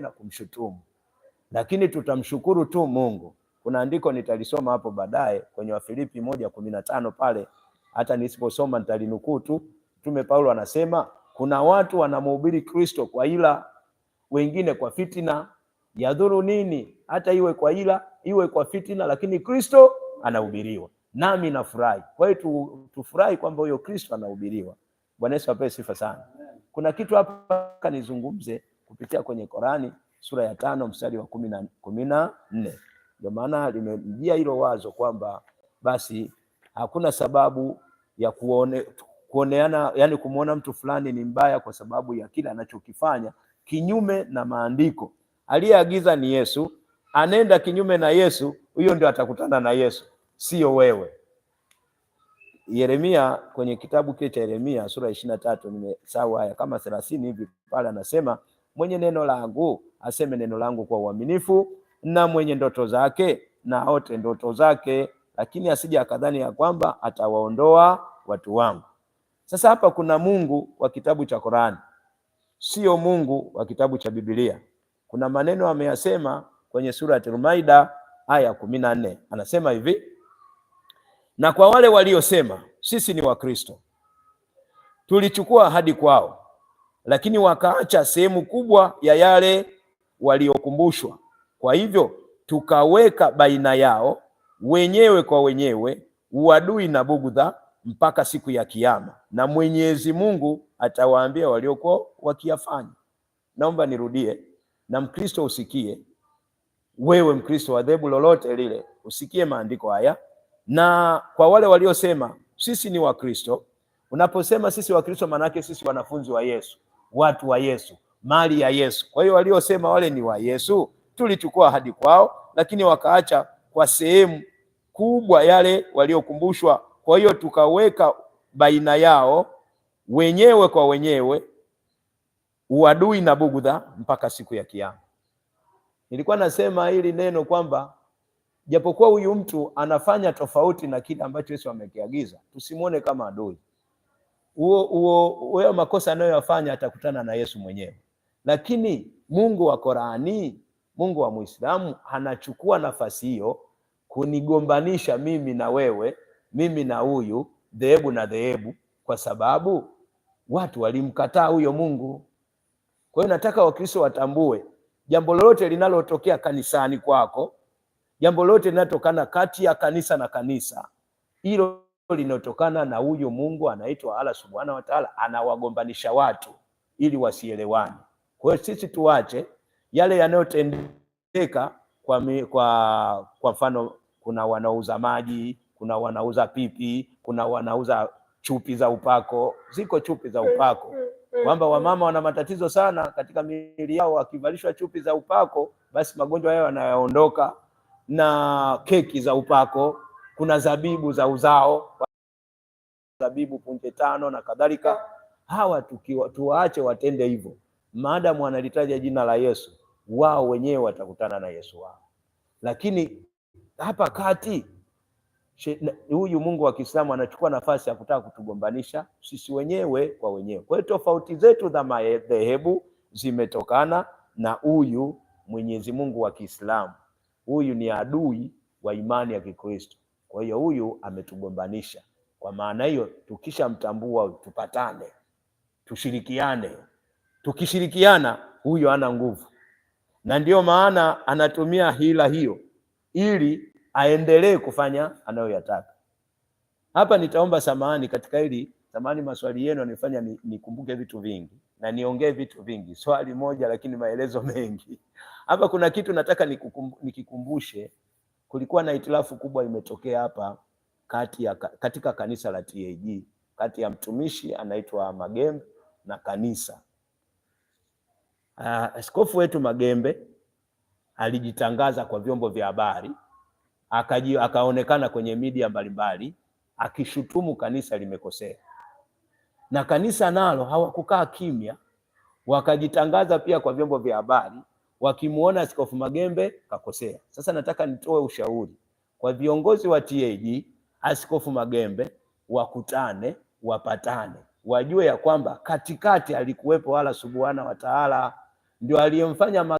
na kumshutumu, lakini tutamshukuru tu Mungu. Kuna andiko nitalisoma hapo baadaye kwenye Wafilipi moja kumi na tano pale, hata nisiposoma nitalinukuu tu. Mtume Paulo anasema kuna watu wanamhubiri Kristo kwa ila, wengine kwa fitina. Yadhuru nini? Hata iwe kwa ila, iwe kwa fitina, lakini Kristo anahubiriwa, nami nafurahi. Kwa hiyo tufurahi kwamba huyo Kristo anahubiriwa. Bwana Yesu apewe sifa sana. Kuna kitu hapa nizungumze kupitia kwenye Korani sura ya tano mstari wa kumi na nne. Ndio maana limemjia hilo wazo kwamba basi hakuna sababu ya kuone, kuoneana yani kumwona mtu fulani ni mbaya kwa sababu ya kile anachokifanya kinyume na maandiko. Aliyeagiza ni Yesu, anenda kinyume na Yesu, huyo ndio atakutana na Yesu, sio wewe. Yeremia kwenye kitabu kile cha Yeremia sura ya ishirini na tatu nimesahau haya kama thelathini hivi, pale anasema mwenye neno langu aseme neno langu kwa uaminifu, na mwenye ndoto zake na aote ndoto zake, lakini asije akadhani ya kwamba atawaondoa watu wangu. Sasa hapa kuna Mungu wa kitabu cha Qur'ani, sio Mungu wa kitabu cha Biblia. Kuna maneno ameyasema kwenye sura ya Maida aya kumi na nne anasema hivi, na kwa wale waliosema sisi ni Wakristo tulichukua ahadi kwao lakini wakaacha sehemu kubwa ya yale waliokumbushwa. Kwa hivyo tukaweka baina yao wenyewe kwa wenyewe uadui na bugudha mpaka siku ya Kiyama, na Mwenyezi Mungu atawaambia waliokuwa wakiyafanya. Naomba nirudie, na Mkristo usikie, wewe Mkristo wa dhehebu lolote lile, usikie maandiko haya. Na kwa wale waliosema sisi ni Wakristo, unaposema sisi Wakristo, maanake sisi wanafunzi wa Yesu watu wa Yesu, mali ya Yesu. Kwa hiyo waliosema wale ni wa Yesu tulichukua hadi kwao, lakini wakaacha kwa sehemu kubwa yale waliokumbushwa. Kwa hiyo tukaweka baina yao wenyewe kwa wenyewe uadui na bugudha mpaka siku ya Kiyama. Nilikuwa nasema hili neno kwamba japokuwa huyu mtu anafanya tofauti na kile ambacho Yesu amekiagiza, tusimwone kama adui huo huo hayo makosa anayoyafanya atakutana na Yesu mwenyewe. Lakini Mungu wa Korani, Mungu wa Muislamu anachukua nafasi hiyo kunigombanisha mimi na wewe, mimi na huyu dhehebu na dhehebu, kwa sababu watu walimkataa huyo Mungu. Kwa hiyo nataka Wakristo watambue jambo lolote linalotokea kanisani kwako, jambo lolote linalotokana kati ya kanisa na kanisa, hilo linalotokana na huyu Mungu anaitwa Allah subhanahu wa taala, anawagombanisha watu ili wasielewane. Kwa hiyo sisi tuache yale yanayotendeka kwa mfano, kwa, kwa kuna wanauza maji, kuna wanauza pipi, kuna wanauza chupi za upako. Ziko chupi za upako kwamba wamama wana matatizo sana katika miili yao, wakivalishwa chupi za upako basi magonjwa yao yanayoondoka, na keki za upako kuna zabibu za uzao, zabibu punje tano na kadhalika. Hawa tukiwa tuwaache watende hivyo, maadamu wanalitaja jina la Yesu, wao wenyewe watakutana na Yesu wao. Lakini hapa kati huyu Mungu wa Kiislamu anachukua nafasi ya kutaka kutugombanisha sisi wenyewe kwa wenyewe. Kwa hiyo tofauti zetu za madhehebu zimetokana na huyu Mwenyezi Mungu wa Kiislamu. Huyu ni adui wa imani ya Kikristo. Kwa hiyo huyu ametugombanisha. Kwa maana hiyo, tukishamtambua tupatane, tushirikiane. Tukishirikiana huyu ana nguvu, na ndiyo maana anatumia hila hiyo ili aendelee kufanya anayoyataka. Hapa nitaomba samahani katika hili samahani, maswali yenu anifanya nikumbuke vitu vingi na niongee vitu vingi, swali moja lakini maelezo mengi. Hapa kuna kitu nataka nikikumbushe kulikuwa na itilafu kubwa imetokea hapa kati ya, katika kanisa la TAG kati ya mtumishi anaitwa Magembe na kanisa. Ah, Askofu wetu Magembe alijitangaza kwa vyombo vya habari akaji, akaonekana kwenye media mbalimbali akishutumu kanisa limekosea, na kanisa nalo hawakukaa kimya, wakajitangaza pia kwa vyombo vya habari wakimuona Askofu Magembe kakosea. Sasa nataka nitoe ushauri kwa viongozi wa TAG, Askofu Magembe wakutane, wapatane, wajue ya kwamba katikati alikuwepo wala Subuhana wa Taala ndio aliyemfanya